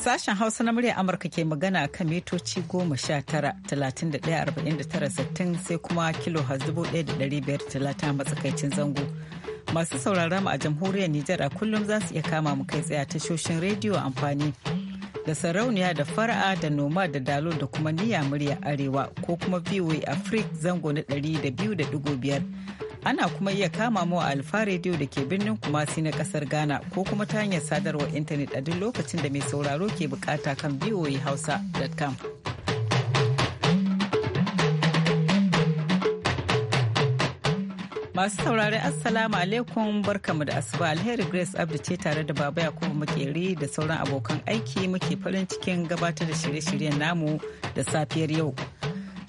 Sashen Hausa na murya Amurka ke magana kan mitoci goma sha tara, talatin da ɗaya arba'in da tara sittin sai kuma kilo dubu ɗaya da ɗari biyar talata matsakaicin zango. Masu sauraron mu a jamhuriyar Nijar a kullum za su iya kama mu kai tsaye tashoshin rediyo amfani da sarauniya da fara'a da noma da dalo da kuma niyya murya arewa ko kuma VOA Africa zango na ɗari da biyu da ɗigo biyar. ana kuma iya kama mu a alfa rediyo da ke birnin kumasi na kasar ghana ko kuma ta hanyar sadarwar intanet a duk lokacin da mai sauraro ke bukata kan voahausa.com masu saurare assalamu alaikum barkamu da asuba alheri grace abdu ce tare da baba yakubu makeri da sauran abokan aiki muke farin cikin gabatar da shirye-shiryen namu da safiyar yau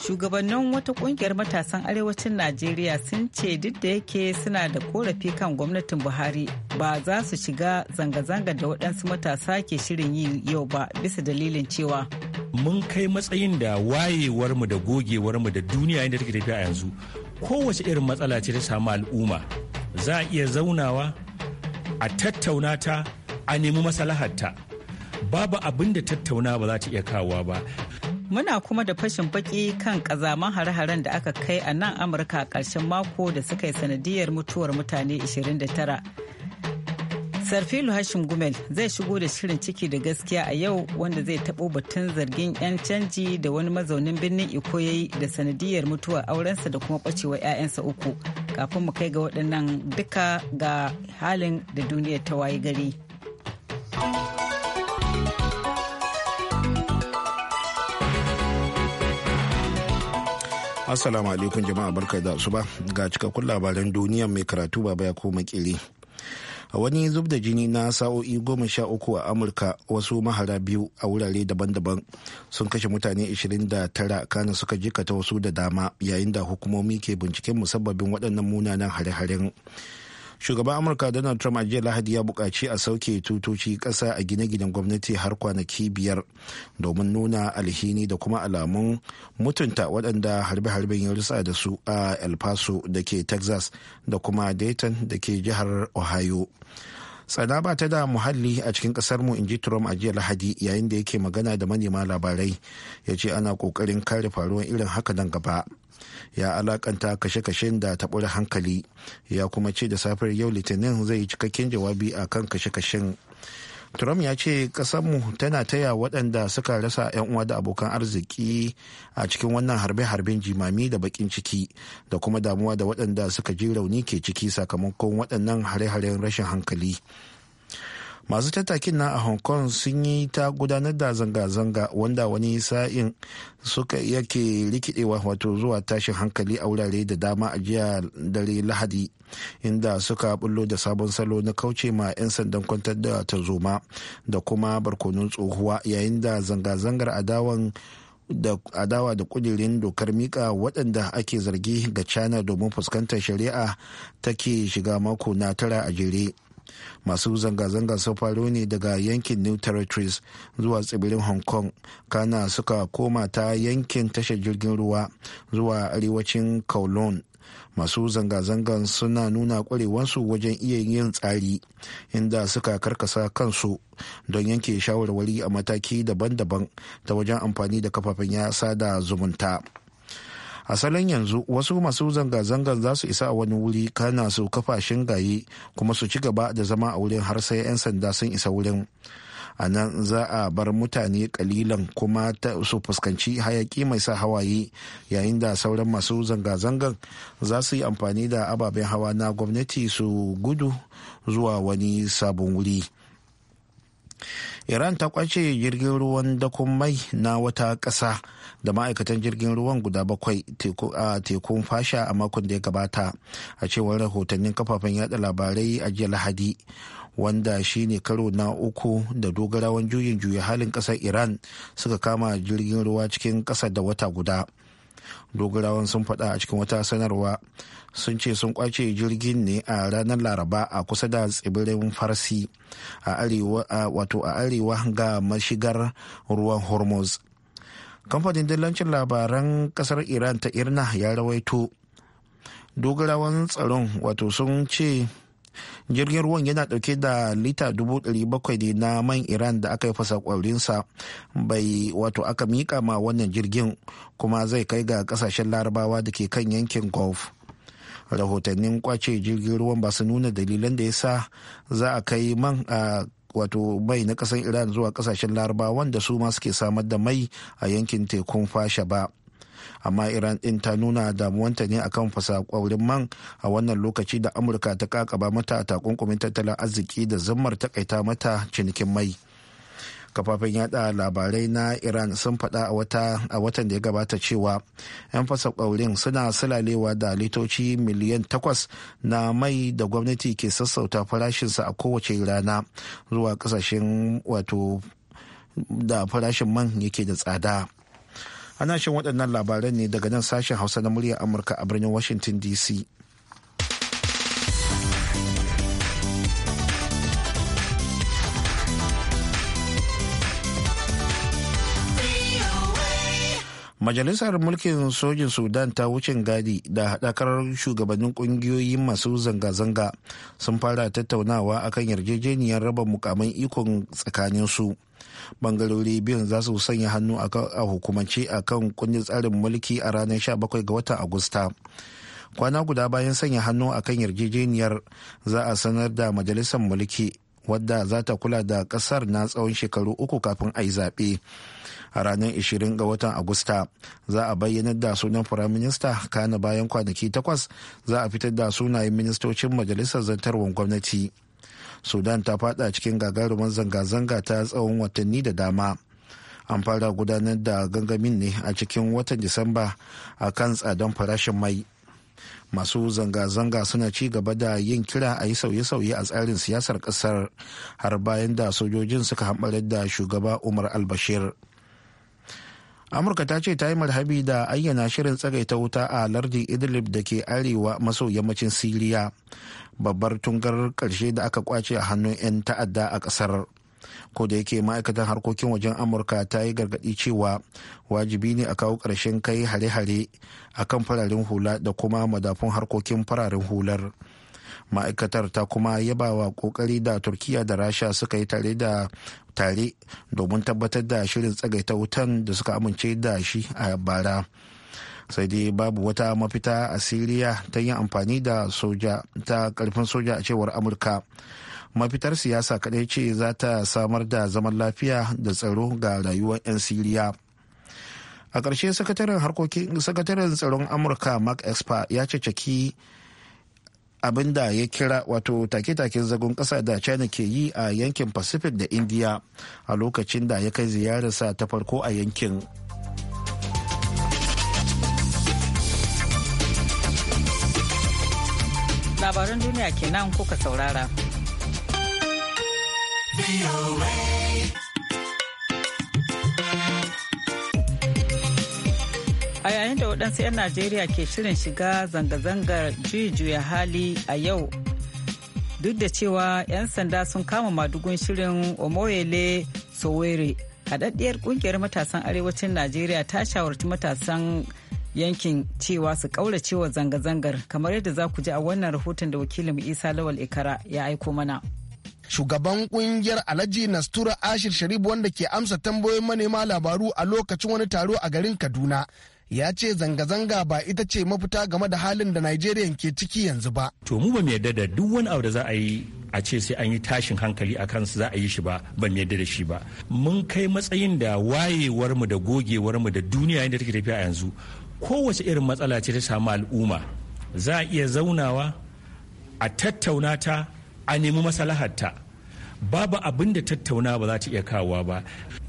shugabannin wata kungiyar matasan arewacin najeriya sun ce duk da yake suna da korafi kan gwamnatin buhari ba za su shiga zanga-zanga da waɗansu matasa ke shirin yi yau ba bisa dalilin cewa mun kai matsayin da wayewarmu da gogewarmu da duniya inda take tafiya yanzu kowace irin matsala ce ta samu al'umma za a iya zaunawa a tattauna ta a nemi ta babu abin da tattauna ba za ta iya kawowa ba Muna kuma da fashin baki kan kazaman hare-haren da aka kai a nan Amurka a ƙarshen mako da suka yi sanadiyar mutuwar mutane 29. Sarfilu Hashim Gumel zai shigo da shirin ciki da gaskiya a yau wanda zai taɓo batun zargin 'yan canji da wani mazaunin birnin Iko ya yi da sanadiyar mutuwar aurensa da kuma ɓacewa 'ya'yansa uku. Kafin mu kai ga waɗannan duka ga halin da duniya ta waye gari. Assalamu alaikum jama'a barka da su ba ga cikakkun labaran duniya mai karatu baba ya ko kili. A wani zub da jini na sa'o'i goma sha uku a Amurka wasu mahara biyu a wurare daban-daban sun kashe mutane 29 kana suka jikata wasu da dama yayin da hukumomi ke binciken musabbabin waɗannan munanan hare-haren. hare haren shugaban amurka donald trump a jiya lahadi ya buƙaci a sauke tutoci ƙasa a gine-ginen gwamnati har kwanaki biyar domin nuna alhini da kuma alamun mutunta waɗanda harbe-harben ya rusa da su a el paso da ke texas da kuma dayton da ke jihar ohio tsada ba ta da muhalli a cikin kasar mu ji Trump a jiya Lahadi yayin da yake magana da manema labarai ya ce ana kokarin kare faruwar irin haka nan gaba ya alakanta kashe-kashen da taɓura hankali ya kuma ce da safiyar yau litinin zai yi cikakken jawabi a kan kashe-kashen trump ya ce kasanmu tana taya waɗanda suka rasa 'yan uwa da abokan arziki a cikin wannan harbe-harben jimami da bakin ciki da kuma damuwa da waɗanda suka ji rauni ke ciki sakamakon waɗannan hare-haren rashin hankali. masu tattakin na a hong kong sun yi ta gudanar da zanga-zanga wanda wani sa'in suka yake rikidewa wato zuwa tashin hankali a wurare da dama a jiya dare lahadi inda suka bullo da sabon salo na kauce ma 'yan sandan kwantar da ta zoma da kuma barkonun tsohuwa yayin da zanga-zangar adawa da kudirin dokar mika waɗanda ake zargi ga china domin fuskantar shari'a take shiga mako na tara a jere masu zanga zanga sun faro ne daga yankin new territories zuwa tsibirin hong kong kana suka koma ta yankin tashar jirgin ruwa zuwa arewacin kowloon masu zanga-zangar suna nuna kwarewansu wajen iya yin tsari inda suka karkasa kansu don yanke shawarwari a mataki daban-daban ta wajen amfani da kafafen ya da zumunta. asalin yanzu wasu masu zanga-zangar za su isa a wani wuri kana su kafa shingaye kuma su ci gaba da zama a wurin har sai 'yan sanda sun isa wurin a nan za a bar mutane kalilan kuma su fuskanci hayaki mai sa hawaye yayin da sauran masu zanga-zangar za su yi amfani da ababen hawa na gwamnati su gudu zuwa wani sabon wuri iran ta kwace jirgin ruwan dakon mai na wata ƙasa da ma'aikatan jirgin ruwan guda bakwai a tekun fasha a makon da ya gabata a cewar rahotannin kafafen yada labarai a jiya lahadi wanda shine karo na uku da dogarawan juyin juya halin ƙasar iran suka kama jirgin ruwa cikin ƙasa da wata guda dogarawan sun faɗa a cikin wata sanarwa sun ce sun kwace jirgin ne a ranar laraba a kusa da tsibirin farsi a arewa ga mashigar ruwan hormuz kamfanin dillancin labaran kasar iran ta irna ya rawaito dogarawan tsaron wato sun ce jirgin ruwan yana dauke da lita dubu ne na man iran da aka yi fasa kwarinsa bai wato aka mika ma wannan jirgin kuma zai kai ga kasashen larabawa da ke kan yankin gulf rahotannin kwace jirgin ruwan ba su nuna dalilan da ya sa za a kai man a wato mai na kasan iran zuwa kasashen larabawa wanda su ma suke samar da mai a yankin tekun fasha ba amma iran din ta nuna damuwanta ne akan fasa kwaurin man a wannan lokaci da amurka ta kakaba mata takunkumin tattalin arziki da zammar kaita mata cinikin mai kafafen yada labarai na iran sun fada a watan da ya gabata cewa 'yan fasa suna sulalewa da litoci miliyan takwas na mai da gwamnati ke sassauta farashinsa a kowace rana zuwa kasashen wato da farashin man yake da tsada ana shan waɗannan labaran ne daga nan sashen hausa na muryar amurka a birnin washington dc majalisar mulkin sojin sudan ta wucin gadi da haɗakar shugabannin ƙungiyoyi masu zanga-zanga sun fara tattaunawa akan yarjejeniyar raba mukamin ikon tsakaninsu bangarori biyun za su sanya hannu a hukumance a kan kundin tsarin mulki a ranar 17 ga watan agusta kwana guda bayan sanya hannu a kan yarjejeniyar za a sanar da majalisar mulki wadda za ta kula da kasar na tsawon shekaru uku kafin a yi zaɓe a ranar 20 ga watan agusta za a bayyanar da sunan firaminista kana bayan kwanaki takwas za a fitar da sunayen ministocin majalisar zantarwar gwamnati. sudan ta fada cikin gagarumin zanga-zanga ta tsawon watanni da dama an fara gudanar da gangamin ne a cikin watan disamba a kan tsadan farashin mai masu zanga-zanga suna ci gaba da yin kira a yi sauye-sauye a tsarin siyasar kasar har bayan da sojojin suka hambarar da shugaba umar albashir amurka ta ce ta yi marhabi da ayyana shirin tsagaita wuta a lardin idlib da ke arewa maso yammacin siriya babbar tungar ƙarshe da aka kwace a hannun 'yan ta'adda a ƙasar ko da yake ma'aikatan harkokin wajen amurka ta yi gargaɗi cewa wajibi ne a kawo ƙarshen kai hare-hare a kan fararen hula da kuma madafun harkokin fararen hular ma'aikatar ta kuma yaba wa ƙoƙari da turkiya da rasha suka yi tare da tare domin tabbatar da shirin tsagaita wutan da suka amince da shi a bara sai dai babu wata mafita a siriya ta yin amfani da soja ta karfin soja a cewar amurka mafitar siyasa kadai ce za ta samar da zaman lafiya da tsaro ga rayuwar 'yan siriya a ƙarshe sakataren harkokin tsaron amurka mark expa ya ce abin da ya kira wato take-taken zagon ƙasa da china ke yi a yankin pacific da india a lokacin da ya kai ziyararsa ta farko a yankin. labaran duniya kenan kuka saurara. A yayin da waɗansu 'yan Najeriya ke shirin shiga zanga-zangar juya hali a yau duk da cewa 'yan sanda sun kama madugun shirin omoyele sowore haɗaɗɗiyar ƙungiyar matasan arewacin najeriya ta shawarci matasan yankin cewa su kauracewa zanga-zangar kamar yadda za ku ji a wannan rahoton da wakilin isa lawal ikara ya aiko mana shugaban kungiyar alhaji nastura ashir sharif wanda ke amsa tambayoyin manema labaru a lokacin wani taro a garin kaduna ya ce zanga-zanga ba ita ce mafita game da halin da nigeria ke ciki yanzu ba. To mu ba mu yarda da duk wani abu da za a yi a ce sai an yi tashin hankali a kansu za a yi shi ba ba mu yarda da shi ba. Mun kai matsayin da wayewarmu da gogewarmu da duniya yadda take tafiya a yanzu kowace irin matsala ce ta samu al'umma za a iya zaunawa a tattauna ta a nemi masalaharta babu abin da tattauna ba za ta iya kawowa ba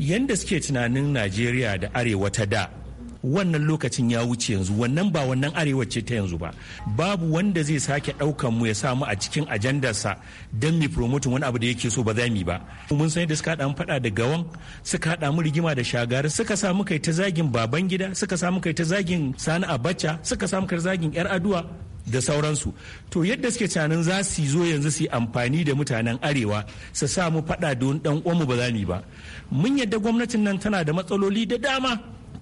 yadda suke tunanin najeriya da arewa ta da wannan lokacin ya wuce yanzu wannan ba wannan arewa ce ta yanzu ba babu wanda zai sake ɗaukan mu ya sa mu a cikin ajandarsa don mi promotin wani abu da yake so ba za mu ba mun san yadda suka haɗa faɗa da gawan suka haɗa mu rigima da shagari suka samu kai ta zagin baban gida suka samu kai ta zagin sani abacha suka samu kai zagin yar aduwa da sauransu to yadda suke canin za su zo yanzu su yi amfani da mutanen arewa su samu faɗa don dan uwanmu ba za mu ba mun yadda gwamnatin nan tana da matsaloli da dama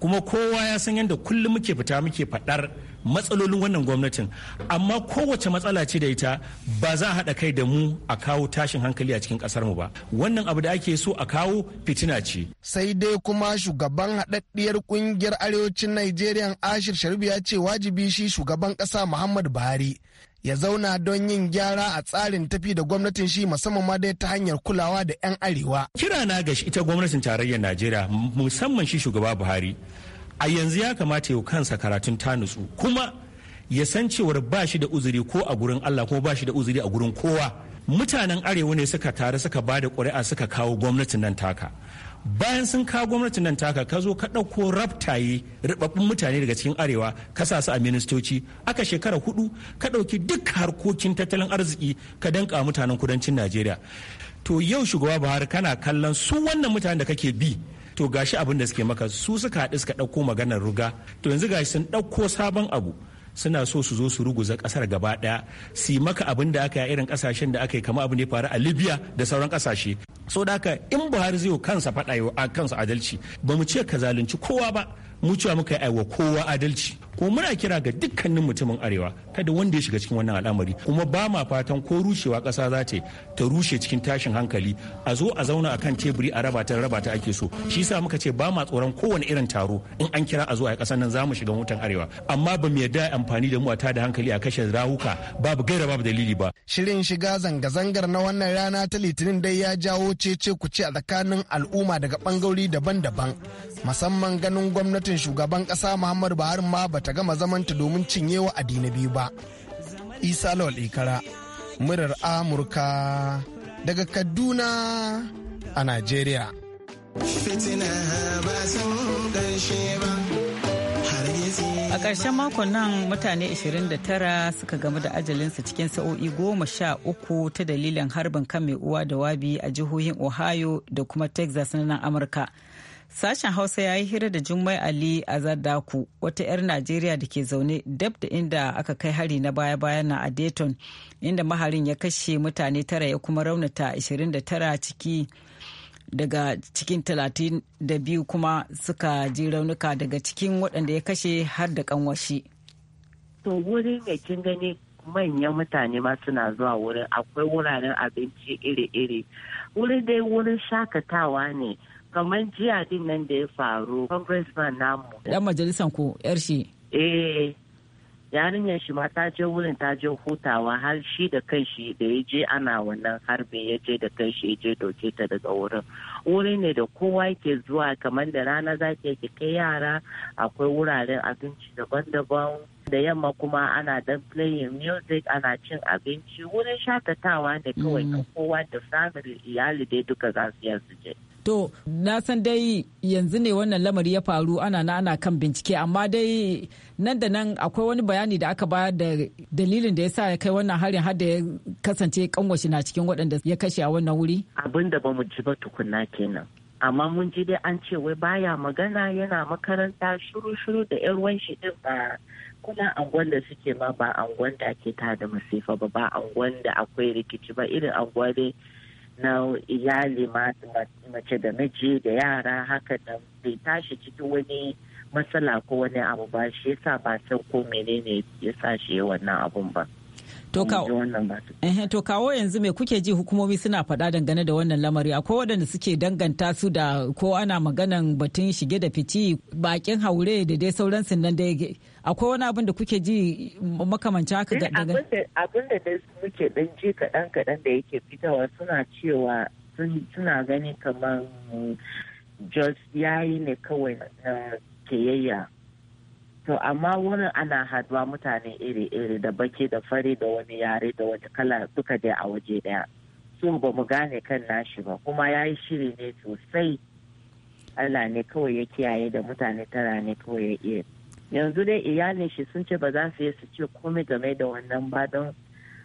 kuma kowa ya san yadda kullum muke fita muke faɗar matsalolin wannan gwamnatin amma kowace matsala ce da ita ba za a haɗa kai da mu a kawo tashin hankali a cikin ƙasar mu ba wannan abu da ake so a kawo fitina ce sai dai kuma shugaban haɗaɗɗiyar ƙungiyar arewacin Najeriya Ashir sharibu ya ce wajibi shi shugaban ƙasa muhammadu Buhari ya zauna don yin gyara a tsarin tafi da gwamnatin shi musamman ma dai ta hanyar kulawa da 'yan arewa. Kira na ga ita gwamnatin tarayyar Najeriya musamman shi shugaba Buhari a yanzu ya kamata yau kansa karatun ta nutsu kuma ya san cewar ba shi da uzuri ko a gurin Allah ko ba shi da uzuri a gurin kowa. Mutanen arewa ne suka tare suka ba da ƙuri'a suka kawo gwamnatin nan taka. bayan sun kawo gwamnatin nan taka ka zo ka ɗauko raftaye rubabbun mutane daga cikin arewa ka sa su a ministoci aka shekara hudu ka ɗauki duk harkokin tattalin arziki ka danka mutanen kudancin najeriya to yau shugaba buhari kana kallon su wannan mutanen da kake bi to gashi abin da suke maka su suka haɗu suka ɗauko maganar ruga to yanzu gashi sun ɗauko sabon abu suna so su zo su ruguza kasar gaba daya si maka abin da aka yi irin kasashen da aka yi kama abu ne faru a libya da sauran kasashe so da haka in buhari zai kansa faɗa a kansa adalci ba mu ce ka zalunci kowa ba mu cewa muka yi wa kowa adalci ko muna kira ga dukkanin mutumin arewa kada wanda ya shiga cikin wannan al'amari kuma ba ma fatan ko rushewa ƙasa za ta ta rushe cikin tashin hankali a zo a zauna akan teburi a raba ta raba ta ake so shi yasa muka ce ba ma tsoron kowane irin taro in an kira a zo a ƙasar nan za mu shiga mutan arewa amma ba mu yarda amfani da mu a tada hankali a kashe rahuka babu gaira babu dalili ba shirin shiga zanga-zangar na wannan rana ta litinin dai ya jawo cece kuce a tsakanin al'umma daga bangarori daban-daban musamman ganin gwamnati gwamnatin shugaban kasa muhammadu buhari ma bata gama zamanta domin cinyewa addini biyu ba isa lawal ikara murar amurka daga kaduna a najeriya A ƙarshen makon nan mutane 29 suka gamu da ajalinsu cikin sa'o'i goma sha uku ta dalilin harbin kan mai uwa da wabi a jihohin Ohio da kuma Texas na nan Amurka. Sashen Hausa ya yi hira da Jummai Ali a Zardaku, wata 'yar Najeriya da ke zaune dab da inda aka kai hari na baya-bayan na a Dayton, inda maharin ya kashe mutane tara ya kuma raunata 29 ciki daga cikin 32 kuma suka ji raunuka daga cikin waɗanda ya kashe har da kanwashi. To wurin kin gani manyan mutane ma suna zuwa wurin akwai wuraren abinci iri-iri. Wurin dai wurin shakatawa ne. kamar jiya din nan da ya faru congressman namu dan majalisan ku yar shi eh yarinyar shi ma ta je wurin ta je hutawa har shi da shi da ya je ana wannan harbin ya je da shi ya je doke ta daga wurin wurin ne da kowa ke zuwa kamar da rana za ki kai yara akwai wuraren abinci daban-daban da yamma kuma ana dan playing music ana cin abinci wurin shakatawa ne kawai mm. kowa da family iyali dai duka za su je. to na san dai yanzu ne wannan lamari ya faru ana na ana kan bincike amma dai nan da nan akwai wani bayani da aka bayar da dalilin da ya sa ya kai wannan harin har da ya kasance kanwashi na cikin waɗanda ya kashe a wannan wuri abin da ba mu ji ba tukunna kenan amma mun ji dai an ce wai baya magana yana makaranta shuru-shuru da yar wanshi din ba kuna anguwan da suke ma ba anguwan da ake ta da masifa ba ba anguwan da akwai rikici ba irin anguwa dai na iyali mace da miji da yara haka da bai tashi cikin wani matsala ko wani abu ba shi yasa ba san ko menene ya sa shi wannan abun ba. To kawo yanzu me kuke ji hukumomi suna faɗa dangane da wannan lamari akwai waɗanda suke danganta su da ko ana maganan batun shige da fici bakin haure da dai sauransu nan dai akwai wani abin da kuke ji makamanci haka da eh, daga abin da da muke dan ji kaɗan kaɗan da yake fitawa suna cewa suna gani kamar jos yayi ne kawai na keyayya to amma wurin ana haduwa mutane iri-iri da baki da fari da wani yare da wata kala duka dai a waje daya su ba mu gane kan nashi ba kuma ya yi shiri ne sosai allah ne kawai ya kiyaye da mutane tara ne kawai ya iya yanzu dai iyalin shi sun ce ba za su yi su ce komai game da wannan ba don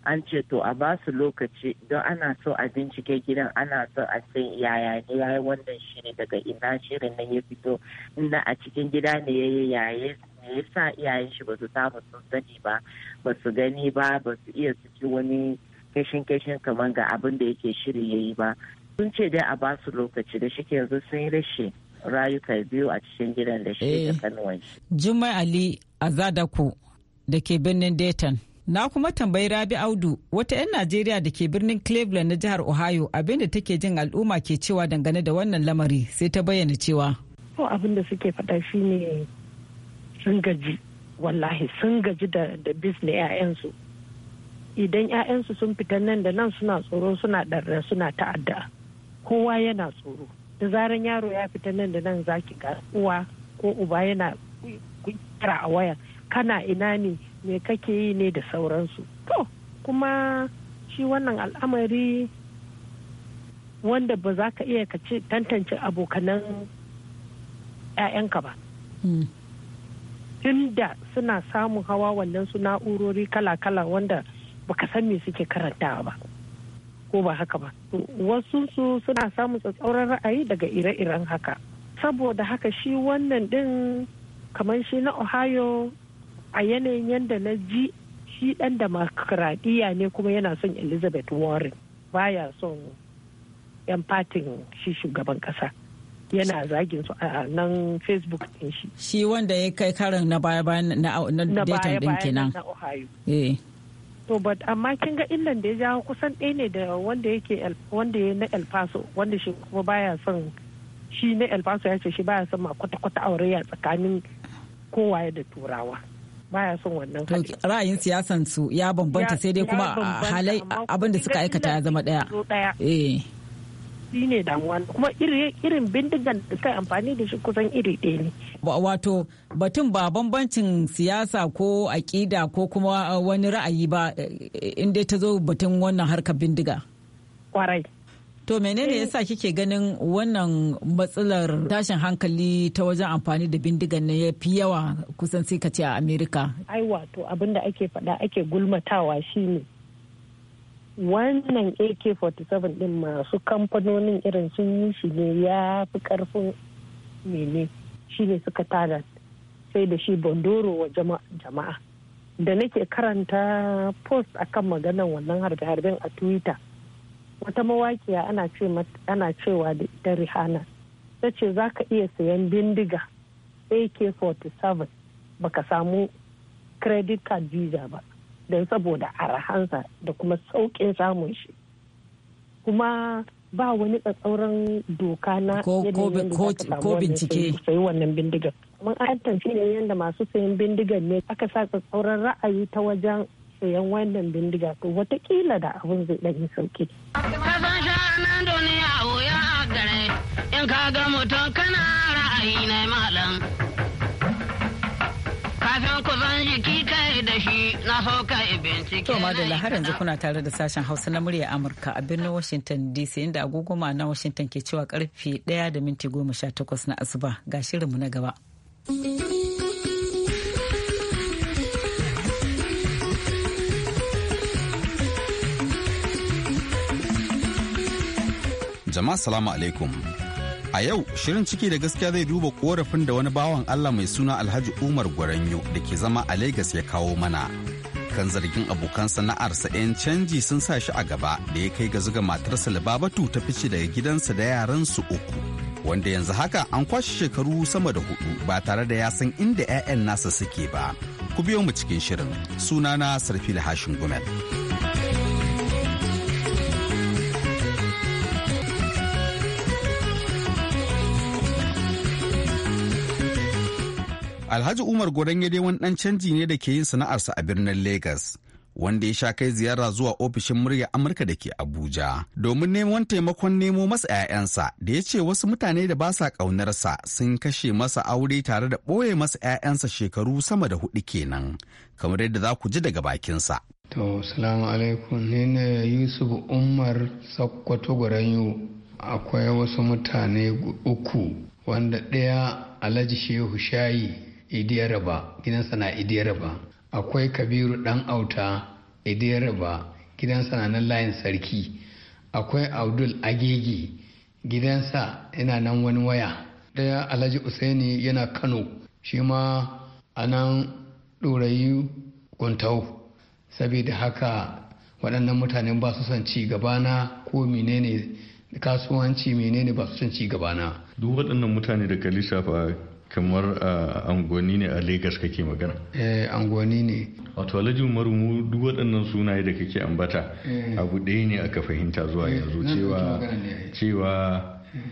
an ce to a ba su lokaci don ana so a bincike gidan ana so a san yaya ne ya yi wannan shirin daga ina shirin na ya fito inda a cikin gida ne ya yi yaye me sa iyayen shi ba su samu sun sani ba ba su gani ba ba su iya su ci wani kashin kashin kamar ga abin da yake shirin ya yi ba sun ce dai a ba su lokaci da shi yanzu sun yi rashi rayuka biyu a cikin gidan da shi eh. da kanuwan. Jummai Ali Azadaku da ke birnin Dayton. Na kuma tambayi Rabi Audu wata 'yan Najeriya da ke birnin Cleveland na jihar Ohio abinda take jin al'umma ke cewa dangane da wannan lamari sai ta bayyana cewa. Ko abin da suke faɗa shi ne sun gaji wallahi sun gaji da da na 'ya'yansu. Idan 'ya'yansu sun fita nan da nan suna tsoro suna ɗarra suna ta'adda kowa yana tsoro. da zaran yaro ya fita nan da nan zaki ga uwa ko uba yana kira a waya kana ina ne me kake yi ne da sauransu to kuma shi wannan al'amari wanda ba za ka iya ka ce tantance abokanan 'ya'yanka ba inda hmm. suna samun hawa wannan su na'urori kala-kala wanda baka san me suke karantawa ba ko ba haka ba wasu su suna samun tsatsauran ra'ayi daga ire-iren haka saboda haka shi wannan din kamar shi na ohio a yanayin yadda na ji shi dan makaradiyya ne kuma yana son elizabeth warren baya son yan fatin shi shugaban kasa yana zagin su a nan facebook din shi shi wanda ya kai karin na baya bayan na datan din kenan na ohio eh. to but amma kin ga illan da ya jawo kusan ɗaya ne da wanda yake wanda ya na el paso wanda shi kuma baya son shi na el paso ya ce shi baya son ma kwata kwata aure ya tsakanin kowaye da turawa baya son wannan to ra'ayin siyasan su ya bambanta sai dai kuma halai abin da suka aikata ya zama ɗaya eh shi ne damuwa kuma irin bindigan da suka amfani da shi kusan iri ɗaya ne. Wato batun ba bambancin siyasa ko aƙida ko kuma uh, wani ra'ayi ba uh, inda ta zo batun wannan harkar bindiga. Kwarai. To menene eh. yasa kike ganin wannan matsalar tashin hankali ta wajen amfani da bindigan ne ya fi yawa kusan sai ka ce a Amerika? Ai wato abin ake faɗa ake gulmatawa shine wannan ak-47 din masu kamfanonin irin sun yi shi ne ya fi karfin mene shi ne suka tada sai da shi bondoro wa jama'a da nake karanta post akan maganan wannan harbe-harben a twitter wata mawakiya ana cewa da ita rihanna ta ce za ka iya sayan bindiga ak-47 baka samu credit card visa ba don saboda arahansa da kuma saukin samun shi kuma ba wani tsatsauran doka na ko bincike sai wannan bindigar mun ayyantar shi ne yadda masu sayan bindigar ne aka sa tsatsauran ra'ayi ta wajen sayan wannan bindiga to watakila da abin zai ɗan sauki. Kasan in ka ga mutum kana ra'ayi na malam Kafin ku zan da shi na so ka bincike. To madalla har yanzu kuna tare da sashen Hausa na murya Amurka a birnin Washington DC inda agogoma na Washington ke cewa karfe 1 da minti 18 na asuba ga shirinmu na gaba. Jama'a salamu alaikum. A yau shirin ciki da gaskiya zai duba korafin da wani bawan Allah mai suna Alhaji Umar Gwaranyo da ke zama a Legas ya kawo mana. Kan zargin abokan sana'arsa 'yan canji sun sa shi a gaba da ya kai ga zuga matarsa Libabatu ta fice daga gidansa da yaransu uku. Wanda yanzu haka an kwashe shekaru sama da hudu ba tare da ya san inda 'ya'yan nasa suke ba. Ku biyo mu cikin shirin. Sunana sarfila Hashin Gumel. Alhaji Umar Gwadon dai wani ɗan canji ne da ke yin sana'arsa a birnin Legas. Wanda ya sha kai ziyara zuwa ofishin murya Amurka da ke Abuja domin neman taimakon nemo masa 'ya'yansa da ya ce wasu mutane da ba sa ƙaunarsa sun kashe masa aure tare da ɓoye masa 'ya'yansa shekaru sama da hudu kenan kamar yadda za ku ji daga bakinsa. To, salamu alaikum, ni ne Yusuf Umar Sakkwato Gwaranyu. Akwai wasu mutane uku, wanda ɗaya Alhaji Shehu Shayi idiyaraba gidansa na idiyaraba akwai kabiru dan auta idiyaraba gidansa na nan layin sarki akwai abdul agege gidansa yana nan wani waya daya alhaji usaini yana kano shi ma a nan ɗorayi guntau saboda haka waɗannan mutane ba su son ci gabana ko menene kasuwanci menene ba su son ci gabana duk waɗannan mutane da ka lissafa kamar angoni ne a Legas kake magana eh angoni ne wato alhaji umaru mu duk waɗannan sunaye da kake ambata eh. abu ɗaya ne aka fahimta zuwa eh, yanzu cewa cewa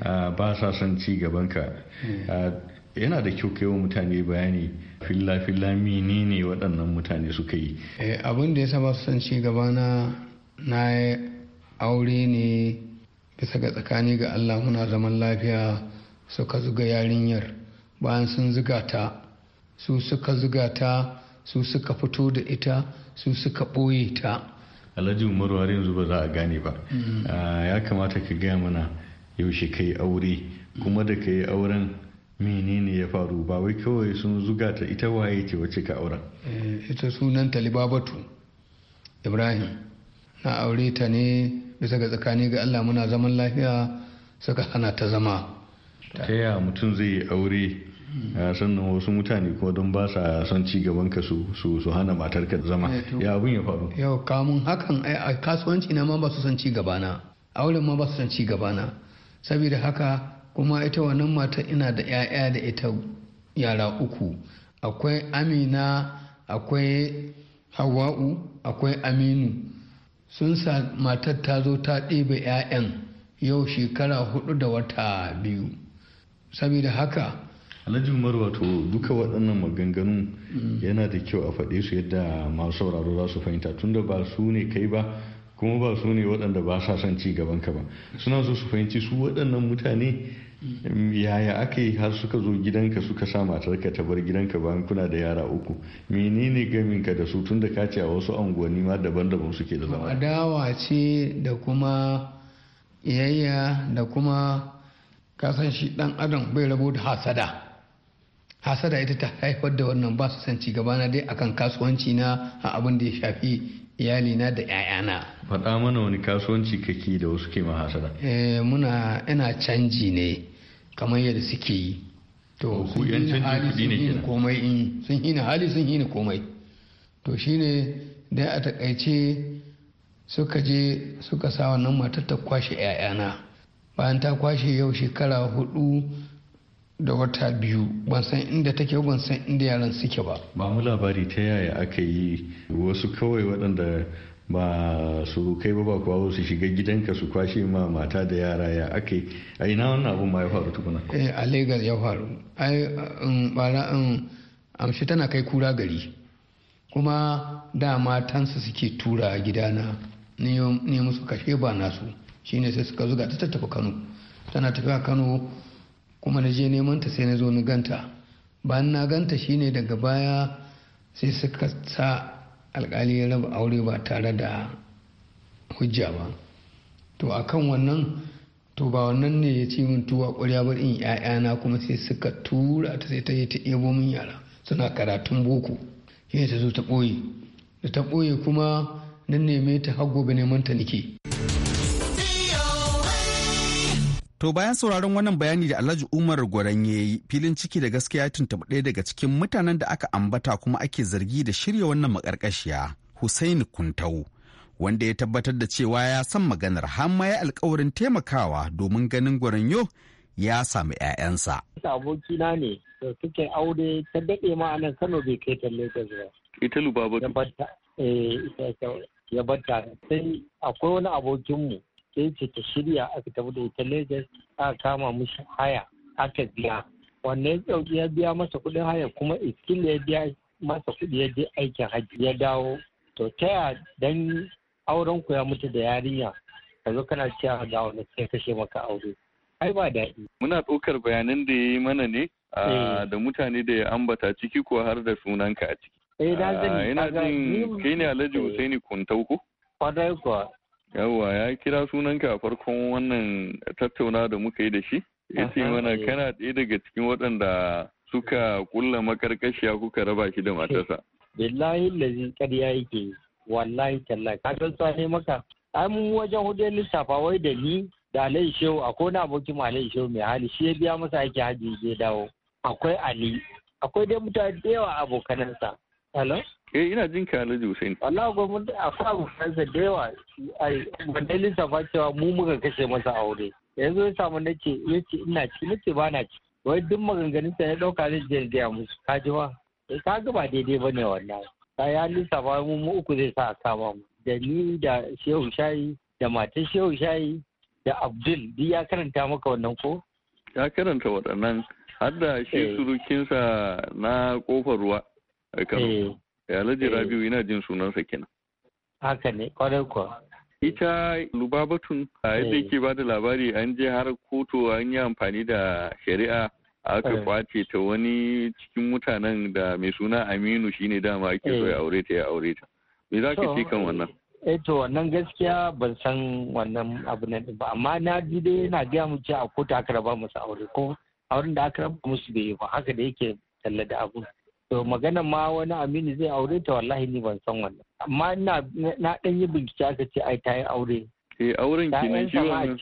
eh. ba sa son ci gaban ka yana da kyau kai wa mutane bayani filla-filla ne waɗannan mutane suka yi abin da ya saba su son ci gaba na na aure ne bisa ga tsakani ga allah muna zaman lafiya suka zuga yarinyar bayan sun zuga ta su suka zuga ta su suka fito da ita su suka ɓoye ta alhaji umaru har yanzu ba za a gane ba mm. ah, ya kamata ka gaya mana yaushe ka yi aure kuma da ka yi auren menene ya faru ba wai kawai sun zuga ta ita waye ce wacce ka auren eh, ita sunan talibabatu ibrahim na aure ta ne bisa ga tsakani ga allah muna zaman lafiya suka hana ta zama ta yaya mutum zai yi aure hmm. ah, sannan wasu mutane ko don ba sa son ci gaban ka su su hana matar ka zama eh, ya abun ya faru yau kamun hakan a kasuwanci na ma ba su son ci gaba na auren ma ba su son ci gaba na saboda haka kuma ita wannan mata ina da 'ya'ya da ita yara uku akwai amina akwai hawa'u akwai aminu sun sa matar ta zo ta ɗebe 'ya'yan yau shekara hudu da wata biyu saboda haka alhaji umar wato duka waɗannan maganganu yana da kyau a faɗe su yadda masu sauraro za su fahimta tunda ba su ne kai ba kuma ba su ne waɗanda ba sa son ci gaban ka ba suna so su fahimci su waɗannan mutane yaya aka yi har suka zo gidanka suka sa matarka ta bar gidanka bayan kuna da yara uku menene gaminka da su tunda ka ce a wasu unguwanni ma daban-daban suke da zama adawa ce da kuma iyayya da kuma Ka san shi dan adam bai rabu da hasada hasada ita ta haifar da wannan ba su san ci gabana dai akan kasuwanci na a abin da ya shafi iyalina da 'ya'yana faɗa mana wani kasuwanci kake da wasu ke hasada eh muna ina canji ne kamar yadda suke yi to oh, ku yan canji kuɗi ne kenan komai in sun hina hali sun hina komai to shine dai a takaice suka je suka sa wannan matar ta kwashe 'ya'yana bayan ta kwashe yau shekara hudu da wata biyu ban san inda take ban san inda yaran suke ba ba mu labari ta yaya aka yi wasu kawai waɗanda ba su kai ba ba kuwa su shiga gidanka su kwashe ma mata da yara ya aka yi a ina wannan abu ma ya faru tukuna eh a legal ya faru ai bara in amshi tana kai kura gari kuma da matansa suke tura gidana ne musu kashe ba nasu shine sai suka zuga ta tafi kano tana tafiya kano kuma na je neman ta sai na zo ni ganta bayan na ganta shine daga baya sai suka sa alkali ya raba aure ba tare da hujja ba to akan wannan to ba wannan ne ya ce min tuwa ƙwarya bar in ‘ya'yana kuma sai suka tura ta sai ta yi ta ebo min yara suna karatun boko yi ta zo ta ɓoye da ta ɓoye kuma nan neme ta har gobe neman ta nike. To bayan sauraron wannan bayani da Alhaji Umar Gwaran ya yi filin ciki da gaskiya tuntuɓi ɗaya daga cikin mutanen da aka ambata kuma ake zargi da shirya wannan maƙarƙashiya Hussein Kuntau wanda ya tabbatar da cewa ya san maganar har ma ya alkawarin taimakawa domin ganin Gwaranyo ya sami 'ya'yansa. Abokina ne da suke aure ta daɗe ma a nan Kano bai kai ta Lagos ba. Ita Lubabatu. Ya eh, Ya Sai akwai wani abokinmu sai ce ta shirya aka tafi da ita Legas aka kama mishi haya aka biya wannan ya biya masa kuɗin haya kuma iskila ya biya masa kuɗi ya je aikin hajji ya dawo to ta ya dan auren ku ya mutu da yarinya ka zo kana cewa ga wani sai kashe maka aure ai ba daɗi. Muna ɗaukar bayanan da ya yi mana ne eh. da mutane da ya ambata ciki ko har da sunanka a ciki. Eh ah, Ina jin kai ne Alhaji eh. Husaini Kuntauku? ko? kuwa yawwa ya kira sunanka a farkon wannan tattauna da muka yi da shi ya ce mana kana ɗaya daga cikin waɗanda suka kulla makarkashiya kuka raba shi da matarsa billahi lazi ƙarya yake wallahi tallahi ka san sai maka ai mun wajen hudu safa wai da ni da alai shehu akwai na abokin alai shehu mai hali shi ya biya masa aiki hajji ya dawo akwai ali akwai dai mutane da yawa abokanansa hello eh ina jin ka Alhaji Allah wallahi gwamnati a sa mu fansa da yawa ai ban dai lissafa cewa mu muka kashe masa aure yanzu ya samu nake yace ina ci nake ba na ci wai duk maganganun sa ya dauka ne je ya musu ka ji ba eh, ka ga ba daidai bane wallahi ka ya ba mu mu uku zai sa a kama mu da ni da Shehu Shayi da matar Shehu Shayi da Abdul duk ya karanta maka wannan ko ya karanta waɗannan har da shi eh. surukinsa na kofar ruwa a Eh, Alhaji eh. Rabiu ina jin sunansa kenan. Haka ne, kwarai kuwa. Ita Lubabatun a yadda eh. yake ba da labari an je har kotu an yi amfani da shari'a aka kwace ta wani cikin mutanen da mai suna Aminu shine dama ake so ya aure ta ya aure ta. Me za ka ce kan wannan? eh to wannan gaskiya ban san wannan abu nan ba amma na ji dai yana gaya mu cewa a kotu aka raba musu aure ko auren da aka raba musu bai yi ba haka da yake talla da abu to magana ma wani aminu zai aure ta wallahi ni ban san wannan amma na na dan yi bincike aka ce ai ta yi aure eh auren ki ne shi wannan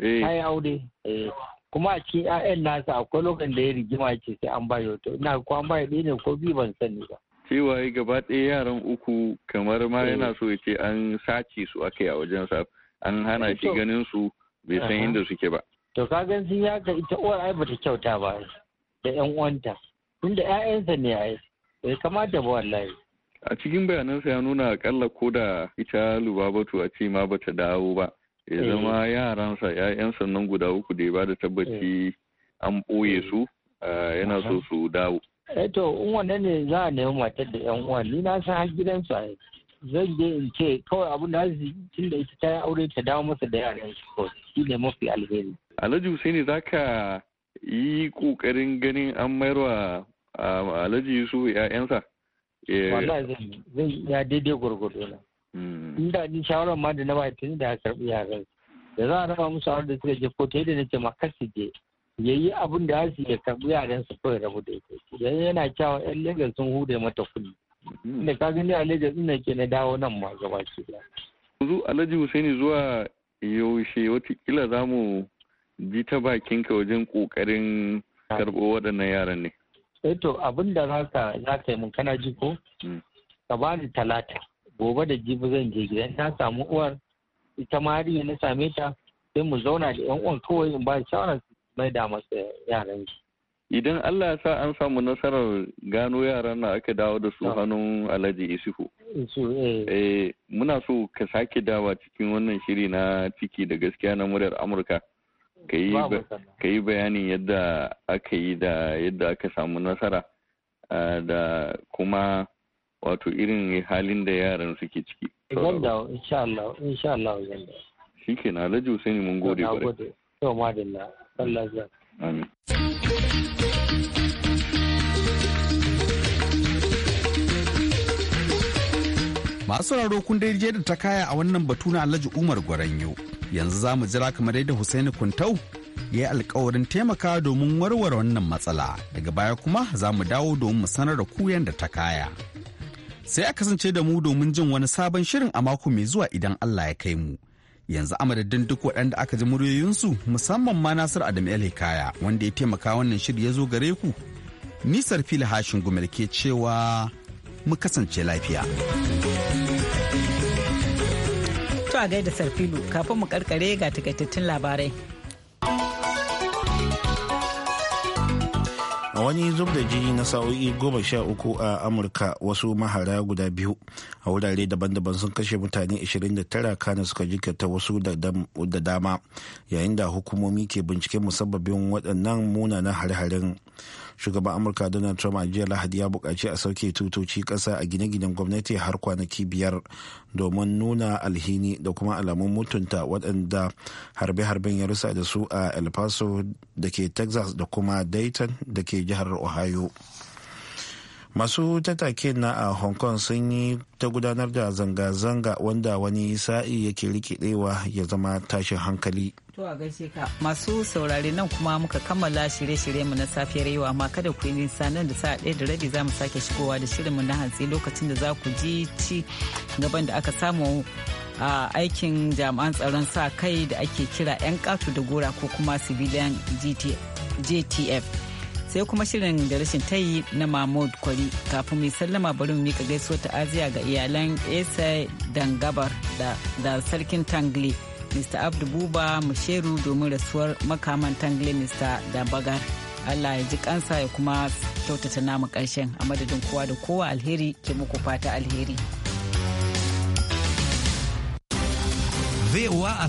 eh. ta yi aure eh. kuma a cikin 'ya'yan nasa akwai lokacin da ya rigima ce sai an bayo to ina ko an bayo ne ko biyu ban sani ba cewa ya gaba ɗaya yaran uku kamar ma yana eh. so ya ce an sace su aka yi a wajen sa an hana shi ganin su bai san inda suke ba to ka gan sun yaka ita uwar ai bata kyauta ba da 'yan uwanta tunda 'ya'yansa ne ya yi bai kamata ba wallahi a cikin bayanansa ya nuna akalla ko da ita lubabatu a ce ma bata dawo ba ya eh. zama yaransa ƴaƴansa nan guda uku da ya bada tabbaci eh. an ɓoye su yana so su dawo eto eh in wannan ne za a nemi matar da yan uwa, ni na san har gidansu a zan je in ce kawai abin da su tun da ita ta yi aure ta dawo masa da yaran su ko ne mafi alheri alhaji hussaini za ka yi kokarin ganin an wa alhaji yusuf ya'yansa eh. ya daidai gwargwado na hmm. inda ni shawarar ma da na ba tuni da karbi yaran da za a raba musu a da suka je ko ta da nace ma kar su je yi abin da su ya karbi yaran su kawai rabu da ita idan yana kyawa yan Legas sun hude mata kuɗi hmm. Inda ka gani a Legas ina ke na dawo nan ma gaba ki yanzu Alhaji Husaini zuwa yaushe watakila za mu ji ta bakinka wajen kokarin karɓo waɗannan yaran ne? Eh to abin da za ka yi mun kana ji ko? Hmm. Ka ba ni talata gobe da jibi zan je gidan na samu uwar ita har na same ta sai mu zauna da ƴan uwan kawai in ba shawara mai da masa yaran shi. Idan Allah ya sa an samu nasarar gano yaran na aka dawo da su hannun Alhaji Isuhu. Eh. eh muna so ka sake dawa cikin wannan shiri na ciki da gaskiya na muryar Amurka. ka yi bayanin yadda aka yi da yadda aka samu nasara da kuma wato irin halin da yaran suke ciki. Eh, zan dawo, insha Allah, insha Allah zan Shi ke na Alhaji Usaini mun gode bare. Na gode, yau madalla, Allah zan. Amin. Masu sauraro kun dai da ta kaya a wannan batu na Alhaji Umar Gwaranyo. yanzu za mu jira kamar yadda Hussaini Kuntau ya yi alkawarin taimaka domin warware wannan matsala daga baya kuma za mu dawo domin mu sanar da ku yadda ta kaya. Sai a kasance da mu domin jin wani sabon shirin a mako mai zuwa idan Allah ya kai mu. yanzu amadadin duk waɗanda aka ji muryoyinsu musamman ma Nasir Adam El Hikaya wanda ya taimaka wannan shirin ya zo gare ku. Nisar fili hashin gumel ke cewa mu kasance lafiya. To a gaida Sarfilu kafin mu karkare ga takaitattun labarai. a wani zub da jini na sa'o'i goma sha uku a amurka wasu mahara guda biyu a wurare daban-daban sun kashe mutane 29 kana suka jikata wasu da dama yayin da hukumomi ke binciken musabbabin waɗannan munanan har harin. shugaban amurka donald trump a jiya lahadi ya bukaci a sauke tutoci ƙasa a gine-ginen gwamnati har kwanaki biyar domin nuna alhini da kuma alamun mutunta waɗanda harbe-harben ya rusa da su a el paso da ke texas da kuma dayton da ke jihar ohio masu tattake na a hong kong sun yi ta gudanar da zanga-zanga wanda wani sa'i yake rikidewa ya zama tashin hankali to a gaishe ka masu saurare nan kuma muka kammala shirye-shirye mu na safiyar yawa ma kada ku yi nisa nan da sa'a ɗaya da rabi za mu sake shigowa da shirin mu na hantsi lokacin da za ku ji ci gaban da aka samu a aikin jami'an tsaron sa kai da ake kira 'yan katu da gora ko kuma civilian jtf sai kuma shirin da rashin ta yi na mahmud kwari kafin mai sallama bari mu mika gaisuwa ta'aziya ga iyalan esa dangabar da sarkin tangle mr abdu buba musheru domin rasuwar makaman tangle mr dabagar allah ya ji kansa ya kuma kyautata namu karshen a madadin kowa da kowa alheri ke muku fata alheri